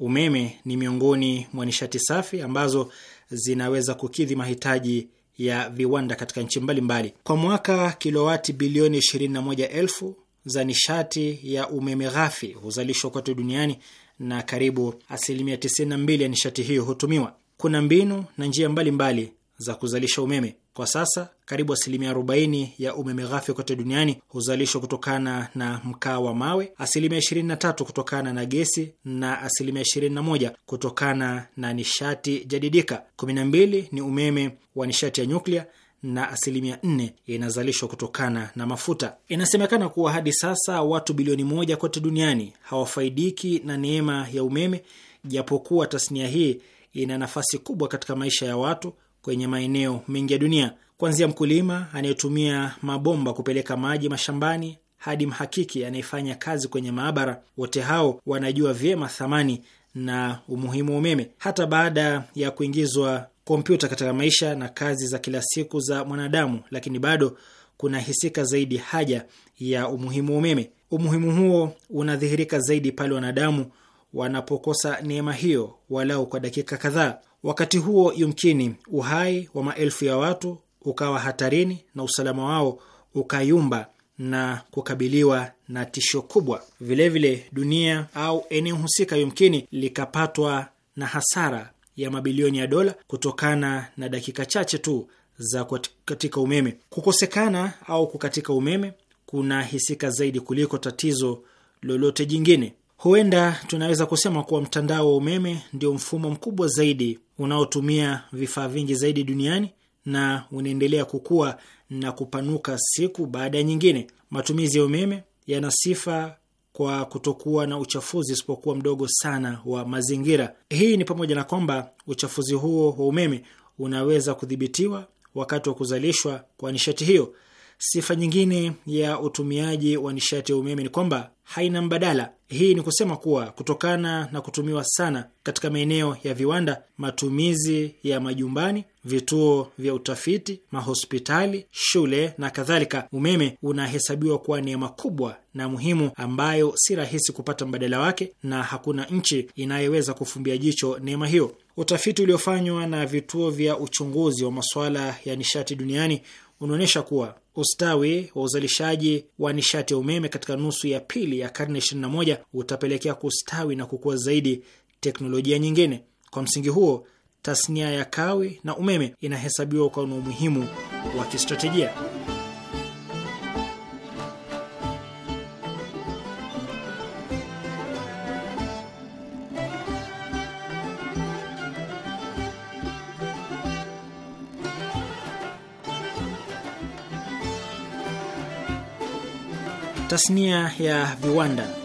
umeme ni miongoni mwa nishati safi ambazo zinaweza kukidhi mahitaji ya viwanda katika nchi mbalimbali. Kwa mwaka kilowati bilioni 21,000 za nishati ya umeme ghafi huzalishwa kote duniani na karibu asilimia 92 ya nishati hiyo hutumiwa. Kuna mbinu na njia mbalimbali mbali za kuzalisha umeme. Kwa sasa karibu asilimia 40 ya umeme ghafi kote duniani huzalishwa kutokana na mkaa wa mawe, asilimia 23 kutokana na gesi na asilimia 21 kutokana na nishati jadidika. 12 ni umeme wa nishati ya nyuklia na asilimia 4 inazalishwa kutokana na mafuta. Inasemekana kuwa hadi sasa watu bilioni moja kote duniani hawafaidiki na neema ya umeme, japokuwa tasnia hii ina nafasi kubwa katika maisha ya watu kwenye maeneo mengi ya dunia, kuanzia mkulima anayetumia mabomba kupeleka maji mashambani hadi mhakiki anayefanya kazi kwenye maabara. Wote hao wanajua vyema thamani na umuhimu wa umeme. Hata baada ya kuingizwa kompyuta katika maisha na kazi za kila siku za mwanadamu, lakini bado kuna hisika zaidi haja ya umuhimu wa umeme. Umuhimu huo unadhihirika zaidi pale wanadamu wanapokosa neema hiyo walau kwa dakika kadhaa. Wakati huo yumkini uhai wa maelfu ya watu ukawa hatarini na usalama wao ukayumba na kukabiliwa na tisho kubwa. Vilevile vile dunia au eneo husika yumkini likapatwa na hasara ya mabilioni ya dola kutokana na dakika chache tu za kukatika umeme. Kukosekana au kukatika umeme kuna hisika zaidi kuliko tatizo lolote jingine. Huenda tunaweza kusema kuwa mtandao wa umeme ndio mfumo mkubwa zaidi unaotumia vifaa vingi zaidi duniani na unaendelea kukua na kupanuka siku baada ya nyingine. Matumizi ya umeme yana sifa kwa kutokuwa na uchafuzi usipokuwa mdogo sana wa mazingira. Hii ni pamoja na kwamba uchafuzi huo wa umeme unaweza kudhibitiwa wakati wa kuzalishwa kwa nishati hiyo. Sifa nyingine ya utumiaji wa nishati ya umeme ni kwamba haina mbadala, hii ni kusema kuwa kutokana na kutumiwa sana katika maeneo ya viwanda, matumizi ya majumbani, vituo vya utafiti, mahospitali, shule na kadhalika, umeme unahesabiwa kuwa neema kubwa na muhimu ambayo si rahisi kupata mbadala wake, na hakuna nchi inayoweza kufumbia jicho neema hiyo. Utafiti uliofanywa na vituo vya uchunguzi wa masuala ya nishati duniani unaonyesha kuwa ustawi wa uzalishaji wa nishati ya umeme katika nusu ya pili ya karne 21 utapelekea kustawi na kukua zaidi teknolojia nyingine. Kwa msingi huo, tasnia ya kawi na umeme inahesabiwa kwa na umuhimu wa kistratejia. Tasnia ya viwanda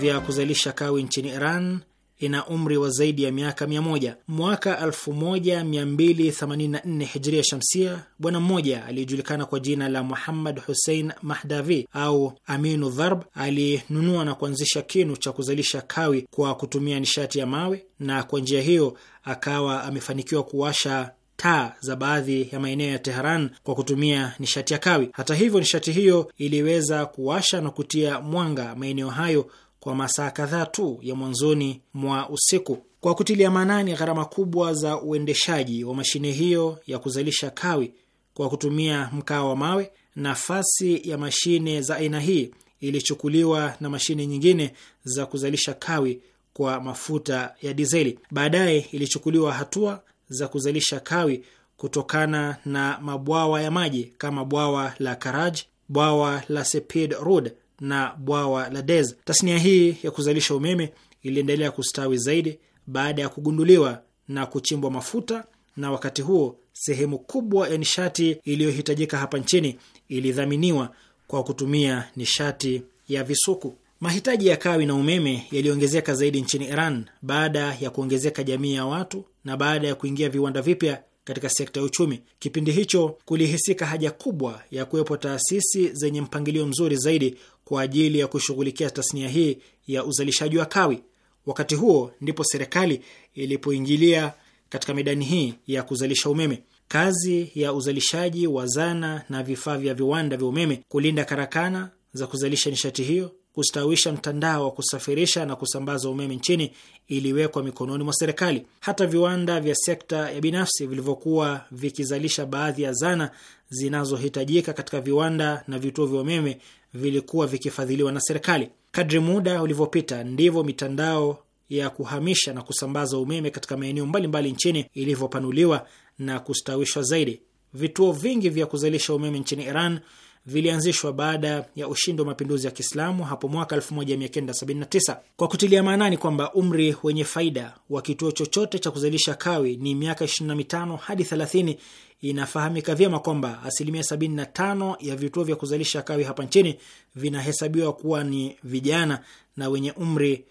vya kuzalisha kawi nchini Iran ina umri wa zaidi ya miaka mia moja. Mwaka 1284 hijria shamsia, bwana mmoja aliyejulikana kwa jina la Muhammad Hussein Mahdavi au Aminu Dharb alinunua na kuanzisha kinu cha kuzalisha kawi kwa kutumia nishati ya mawe, na kwa njia hiyo akawa amefanikiwa kuwasha taa za baadhi ya maeneo ya Teheran kwa kutumia nishati ya kawi. Hata hivyo, nishati hiyo iliweza kuwasha na kutia mwanga maeneo hayo kwa masaa kadhaa tu ya mwanzoni mwa usiku. Kwa kutilia maanani gharama kubwa za uendeshaji wa mashine hiyo ya kuzalisha kawi kwa kutumia mkaa wa mawe, nafasi ya mashine za aina hii ilichukuliwa na mashine nyingine za kuzalisha kawi kwa mafuta ya dizeli. Baadaye ilichukuliwa hatua za kuzalisha kawi kutokana na mabwawa ya maji kama bwawa la Karaj, bwawa la Sepid Rud na bwawa la Dez. Tasnia hii ya kuzalisha umeme iliendelea kustawi zaidi baada ya kugunduliwa na kuchimbwa mafuta, na wakati huo sehemu kubwa ya nishati iliyohitajika hapa nchini ilidhaminiwa kwa kutumia nishati ya visukuku. Mahitaji ya kawi na umeme yaliongezeka zaidi nchini Iran baada ya kuongezeka jamii ya watu na baada ya kuingia viwanda vipya katika sekta ya uchumi. Kipindi hicho kulihisika haja kubwa ya kuwepo taasisi zenye mpangilio mzuri zaidi kwa ajili ya kushughulikia tasnia hii ya uzalishaji wa kawi. Wakati huo ndipo serikali ilipoingilia katika medani hii ya kuzalisha umeme. Kazi ya uzalishaji wa zana na vifaa vya viwanda vya umeme, kulinda karakana za kuzalisha nishati hiyo kustawisha mtandao wa kusafirisha na kusambaza umeme nchini iliwekwa mikononi mwa serikali. Hata viwanda vya sekta ya binafsi vilivyokuwa vikizalisha baadhi ya zana zinazohitajika katika viwanda na vituo vya umeme vilikuwa vikifadhiliwa na serikali. Kadri muda ulivyopita, ndivyo mitandao ya kuhamisha na kusambaza umeme katika maeneo mbalimbali nchini ilivyopanuliwa na kustawishwa zaidi. Vituo vingi vya kuzalisha umeme nchini Iran vilianzishwa baada ya ushindi wa mapinduzi ya Kiislamu hapo mwaka 1979 kwa kutilia maanani kwamba umri wenye faida wa kituo chochote cha kuzalisha kawi ni miaka 25 hadi 30. Inafahamika vyema kwamba asilimia 75 ya vituo vya kuzalisha kawi hapa nchini vinahesabiwa kuwa ni vijana na wenye umri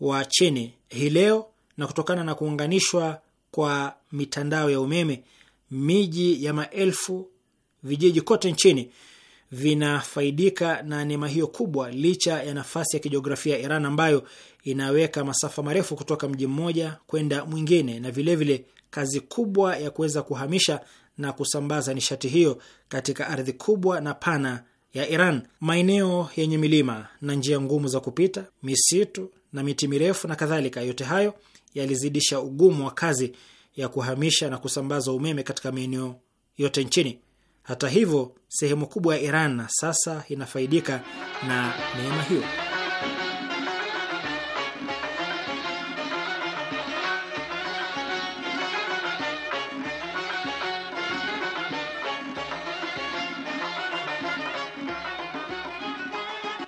wa chini hii leo, na kutokana na kuunganishwa kwa mitandao ya umeme, miji ya maelfu, vijiji kote nchini vinafaidika na neema hiyo kubwa, licha ya nafasi ya kijiografia ya Iran ambayo inaweka masafa marefu kutoka mji mmoja kwenda mwingine, na vilevile vile kazi kubwa ya kuweza kuhamisha na kusambaza nishati hiyo katika ardhi kubwa na pana ya Iran, maeneo yenye milima na njia ngumu za kupita, misitu na miti mirefu na kadhalika. Yote hayo yalizidisha ugumu wa kazi ya kuhamisha na kusambaza umeme katika maeneo yote nchini. Hata hivyo, sehemu kubwa ya Iran sasa inafaidika na neema hiyo.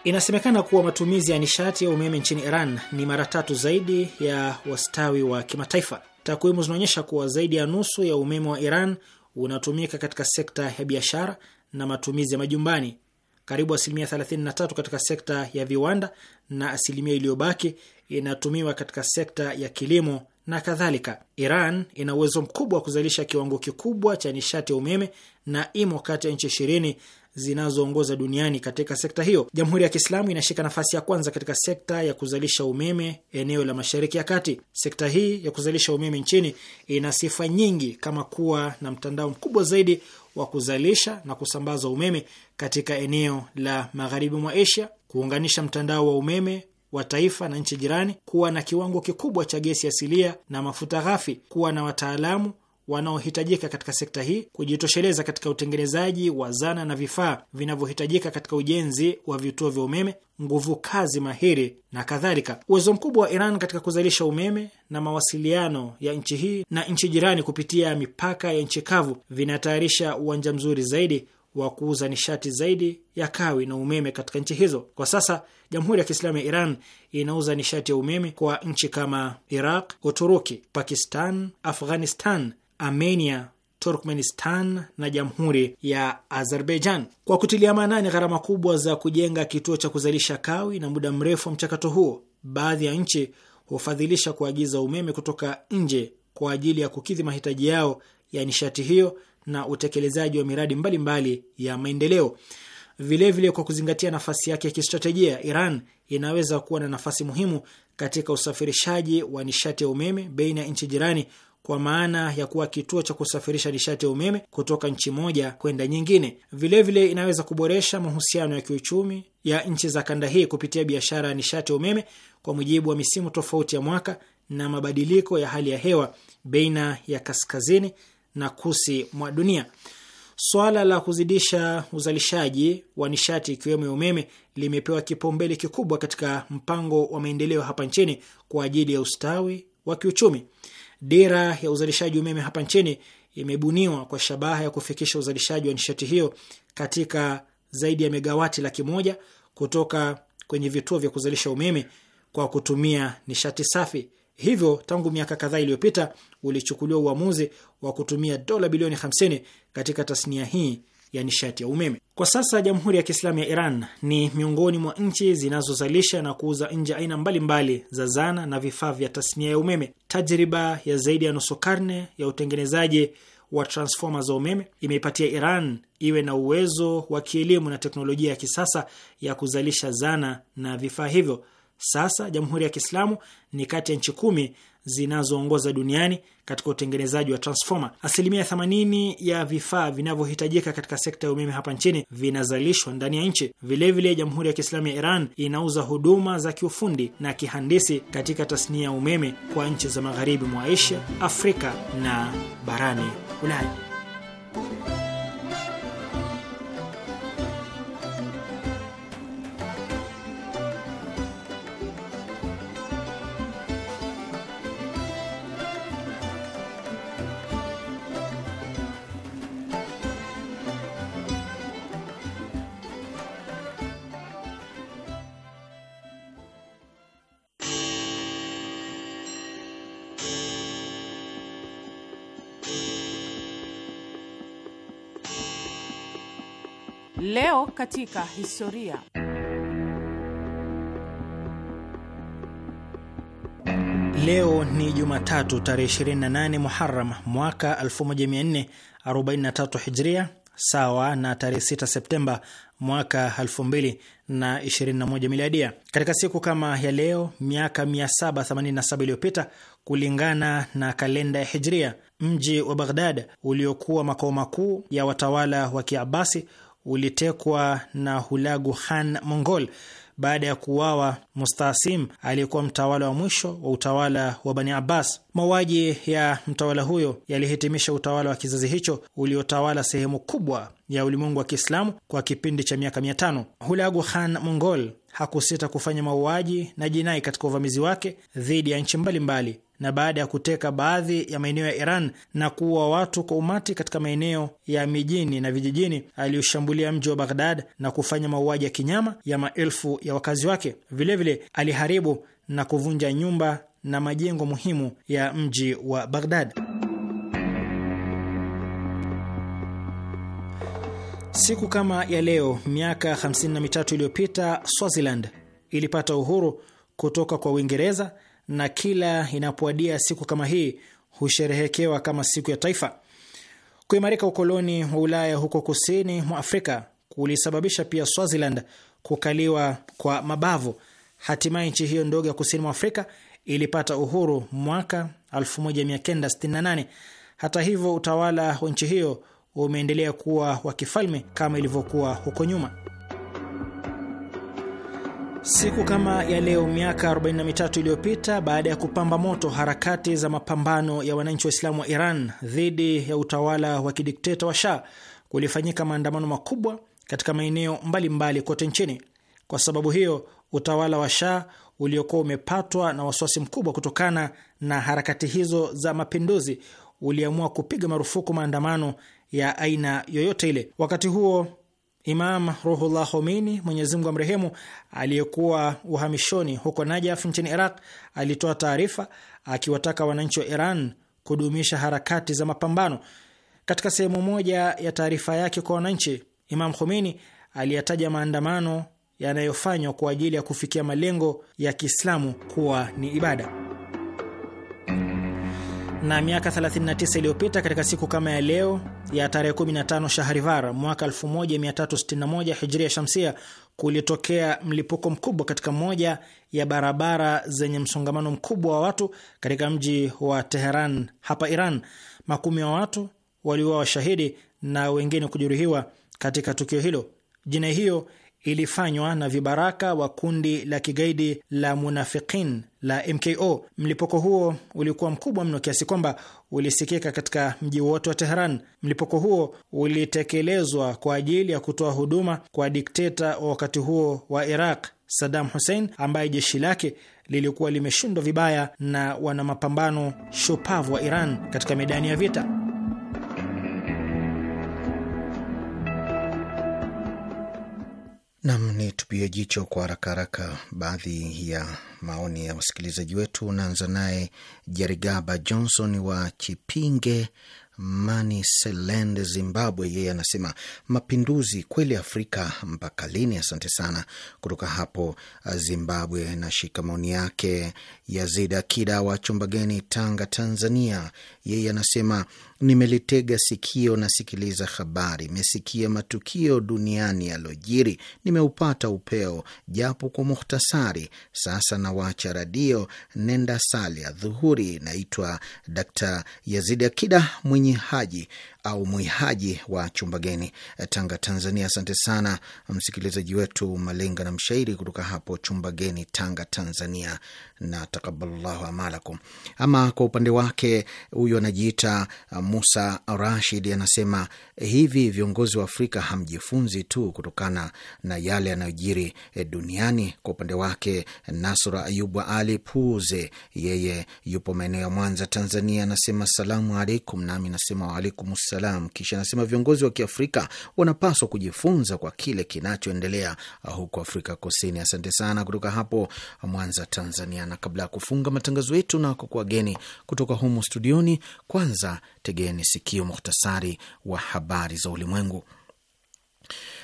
Inasemekana kuwa matumizi ya nishati ya umeme nchini Iran ni mara tatu zaidi ya wastani wa kimataifa. Takwimu zinaonyesha kuwa zaidi ya nusu ya umeme wa Iran unatumika katika sekta ya biashara na matumizi ya majumbani, karibu asilimia 33 katika sekta ya viwanda, na asilimia iliyobaki inatumiwa katika sekta ya kilimo na kadhalika. Iran ina uwezo mkubwa wa kuzalisha kiwango kikubwa cha nishati ya umeme na imo kati ya nchi ishirini zinazoongoza duniani katika sekta hiyo. Jamhuri ya Kiislamu inashika nafasi ya kwanza katika sekta ya kuzalisha umeme eneo la Mashariki ya Kati. Sekta hii ya kuzalisha umeme nchini ina sifa nyingi kama kuwa na mtandao mkubwa zaidi wa kuzalisha na kusambaza umeme katika eneo la magharibi mwa Asia, kuunganisha mtandao wa umeme wa taifa na nchi jirani, kuwa na kiwango kikubwa cha gesi asilia na mafuta ghafi, kuwa na wataalamu wanaohitajika katika sekta hii, kujitosheleza katika utengenezaji wa zana na vifaa vinavyohitajika katika ujenzi wa vituo vya umeme, nguvu kazi mahiri na kadhalika. Uwezo mkubwa wa Iran katika kuzalisha umeme na mawasiliano ya nchi hii na nchi jirani kupitia mipaka ya nchi kavu vinatayarisha uwanja mzuri zaidi wa kuuza nishati zaidi ya kawi na umeme katika nchi hizo. Kwa sasa Jamhuri ya Kiislamu ya Iran inauza nishati ya umeme kwa nchi kama Iraq, Uturuki, Pakistan, Afghanistan Armenia, Turkmenistan na jamhuri ya Azerbaijan. Kwa kutilia maanani gharama kubwa za kujenga kituo cha kuzalisha kawi na muda mrefu wa mchakato huo, baadhi ya nchi hufadhilisha kuagiza umeme kutoka nje kwa ajili ya kukidhi mahitaji yao ya nishati hiyo na utekelezaji wa miradi mbalimbali mbali ya maendeleo. Vilevile vile, kwa kuzingatia nafasi yake ya kistratejia, Iran inaweza kuwa na nafasi muhimu katika usafirishaji wa nishati ya umeme baina ya nchi jirani kwa maana ya kuwa kituo cha kusafirisha nishati ya umeme kutoka nchi moja kwenda nyingine. Vilevile vile inaweza kuboresha mahusiano ya kiuchumi ya nchi za kanda hii kupitia biashara ya nishati ya umeme kwa mujibu wa misimu tofauti ya mwaka na mabadiliko ya hali ya hewa baina ya kaskazini na kusi mwa dunia. Swala la kuzidisha uzalishaji wa nishati ikiwemo ya umeme limepewa kipaumbele kikubwa katika mpango wa maendeleo hapa nchini kwa ajili ya ustawi wa kiuchumi. Dira ya uzalishaji umeme hapa nchini imebuniwa kwa shabaha ya kufikisha uzalishaji wa nishati hiyo katika zaidi ya megawati laki moja kutoka kwenye vituo vya kuzalisha umeme kwa kutumia nishati safi. Hivyo tangu miaka kadhaa iliyopita ulichukuliwa uamuzi wa kutumia dola bilioni 50 katika tasnia hii ya nishati ya umeme. Kwa sasa Jamhuri ya Kiislamu ya Iran ni miongoni mwa nchi zinazozalisha na kuuza nje aina mbalimbali mbali za zana na vifaa vya tasnia ya umeme. Tajriba ya zaidi ya nusu karne ya utengenezaji wa transfoma za umeme imeipatia Iran iwe na uwezo wa kielimu na teknolojia ya kisasa ya kuzalisha zana na vifaa hivyo. Sasa Jamhuri ya Kiislamu ni kati ya nchi kumi zinazoongoza duniani katika utengenezaji wa transfoma. Asilimia 80 ya vifaa vinavyohitajika katika sekta ya umeme hapa nchini vinazalishwa ndani ya nchi. Vilevile, Jamhuri ya Kiislamu ya Iran inauza huduma za kiufundi na kihandisi katika tasnia ya umeme kwa nchi za magharibi mwa Asia, Afrika na barani Ulaya. Leo katika historia. Leo ni Jumatatu tarehe 28 muharam mwaka 1443 Hijria, sawa na tarehe 6 Septemba mwaka 2021 Miladia. Katika siku kama ya leo miaka 787 iliyopita kulingana na kalenda ya Hijria, mji wa Baghdad uliokuwa makao makuu ya watawala wa Kiabasi ulitekwa na Hulagu Khan Mongol baada ya kuuawa Mustasim aliyekuwa mtawala wa mwisho wa utawala wa Bani Abbas. Mauaji ya mtawala huyo yalihitimisha utawala wa kizazi hicho uliotawala sehemu kubwa ya ulimwengu wa Kiislamu kwa kipindi cha miaka mia tano. Hulagu Khan Mongol hakusita kufanya mauaji na jinai katika uvamizi wake dhidi ya nchi mbalimbali na baada ya kuteka baadhi ya maeneo ya Iran na kuua watu kwa umati katika maeneo ya mijini na vijijini, aliushambulia mji wa Baghdad na kufanya mauaji ya kinyama ya maelfu ya wakazi wake. Vilevile vile, aliharibu na kuvunja nyumba na majengo muhimu ya mji wa Baghdad. Siku kama ya leo miaka 53 iliyopita Swaziland ilipata uhuru kutoka kwa Uingereza na kila inapoadia siku kama hii husherehekewa kama siku ya taifa. Kuimarika ukoloni wa Ulaya huko kusini mwa Afrika kulisababisha pia Swaziland kukaliwa kwa mabavu. Hatimaye nchi hiyo ndogo ya kusini mwa Afrika ilipata uhuru mwaka 1968. Hata hivyo, utawala wa nchi hiyo umeendelea kuwa wa kifalme kama ilivyokuwa huko nyuma. Siku kama ya leo miaka 43 iliyopita, baada ya kupamba moto harakati za mapambano ya wananchi wa islamu wa Iran dhidi ya utawala wa kidikteta wa Shah, kulifanyika maandamano makubwa katika maeneo mbalimbali kote nchini. Kwa sababu hiyo, utawala wa Shah uliokuwa umepatwa na wasiwasi mkubwa kutokana na harakati hizo za mapinduzi uliamua kupiga marufuku maandamano ya aina yoyote ile. Wakati huo Imam Ruhullah homeini Mwenyezi Mungu amrehemu, aliyekuwa uhamishoni huko Najaf nchini Iraq, alitoa taarifa akiwataka wananchi wa Iran kudumisha harakati za mapambano. Katika sehemu moja ya taarifa yake kwa wananchi, Imam Khomeini aliyataja maandamano yanayofanywa kwa ajili ya kufikia malengo ya Kiislamu kuwa ni ibada na miaka 39 iliyopita katika siku kama ya leo ya tarehe 15 Shahrivar mwaka 1361 Hijria Shamsia kulitokea mlipuko mkubwa katika moja ya barabara zenye msongamano mkubwa wa watu katika mji wa Teheran hapa Iran. Makumi wa watu waliuawa washahidi na wengine kujeruhiwa katika tukio hilo. Jina hiyo ilifanywa na vibaraka wa kundi la kigaidi la Munafiqin la MKO. Mlipuko huo ulikuwa mkubwa mno kiasi kwamba ulisikika katika mji wote wa Teheran. Mlipuko huo ulitekelezwa kwa ajili ya kutoa huduma kwa dikteta wa wakati huo wa Iraq, Saddam Hussein, ambaye jeshi lake lilikuwa limeshindwa vibaya na wana mapambano shupavu wa Iran katika medani ya vita. Nam ni tupie jicho kwa haraka haraka baadhi ya maoni ya wasikilizaji wetu. unaanza naye Jerigaba Johnson wa Chipinge Maniseland, Zimbabwe. Yeye anasema mapinduzi kweli Afrika mpaka lini? Asante sana kutoka hapo uh, Zimbabwe. Nashika maoni yake. Yazid Akida wa Chumbageni, Tanga, Tanzania, yeye anasema Nimelitega sikio na sikiliza habari, imesikia matukio duniani yalojiri, nimeupata upeo japo kwa muhtasari. Sasa nawacha radio nenda sali ya dhuhuri Naitwa Dkt Yazidi Akida mwenye haji au mwihaji wa chumba geni Tanga, Tanzania. Asante sana msikilizaji wetu Malenga na Mshairi kutoka hapo chumba geni Tanga, Tanzania, na takabalallahu amalakum. Ama kwa upande wake huyu anajiita Musa Rashid anasema hivi, viongozi wa Afrika hamjifunzi tu kutokana na yale yanayojiri e, duniani. Kwa upande wake Nasra Ayubu Ali Puze, yeye yupo maeneo ya Mwanza, Tanzania, anasema salamu alaikum, nami nasema waalaikum Salaam. Kisha anasema viongozi wa Kiafrika wanapaswa kujifunza kwa kile kinachoendelea huko Afrika Kusini. Asante sana kutoka hapo Mwanza, Tanzania. Na kabla ya kufunga matangazo yetu na kukuageni kutoka humo studioni, kwanza tegeni sikio muhtasari wa habari za ulimwengu.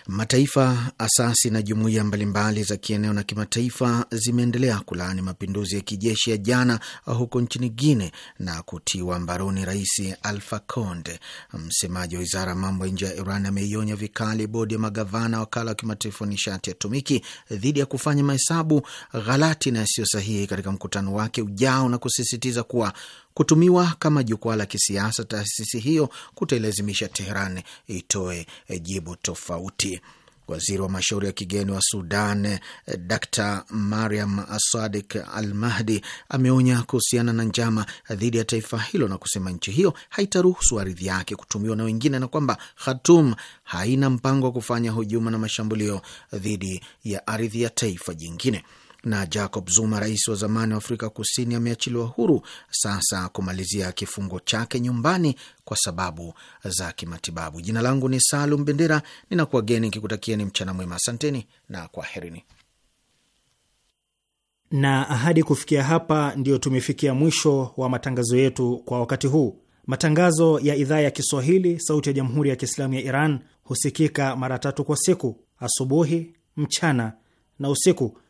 Mataifa, asasi na jumuiya mbalimbali za kieneo na kimataifa zimeendelea kulaani mapinduzi ya kijeshi ya jana huko nchini Guine na kutiwa mbaroni Rais Alfa Conde. Msemaji wa wizara ya mambo ya nje ya Iran ameionya vikali bodi ya magavana, wakala wa kimataifa wa nishati ya atomiki dhidi ya kufanya mahesabu ghalati na yasiyo sahihi katika mkutano wake ujao na kusisitiza kuwa kutumiwa kama jukwaa la kisiasa taasisi hiyo kutailazimisha Teheran itoe eh, jibu tofauti. Waziri wa mashauri ya kigeni wa Sudan eh, Dr Mariam Sadik Al Mahdi ameonya kuhusiana na njama dhidi ya taifa hilo na kusema nchi hiyo haitaruhusu ardhi yake kutumiwa na wengine na kwamba Khartoum haina mpango wa kufanya hujuma na mashambulio dhidi ya ardhi ya taifa jingine na Jacob Zuma, rais wa zamani wa Afrika Kusini, ameachiliwa huru sasa kumalizia kifungo chake nyumbani kwa sababu za kimatibabu. Jina langu ni Salum Bendera, ninakuwageni ni mchana mwema. Asanteni na kwaherini. Na ahadi kufikia hapa, ndiyo tumefikia mwisho wa matangazo yetu kwa wakati huu. Matangazo ya idhaa ya Kiswahili, sauti ya jamhuri ya kiislamu ya Iran husikika mara tatu kwa siku: asubuhi, mchana na usiku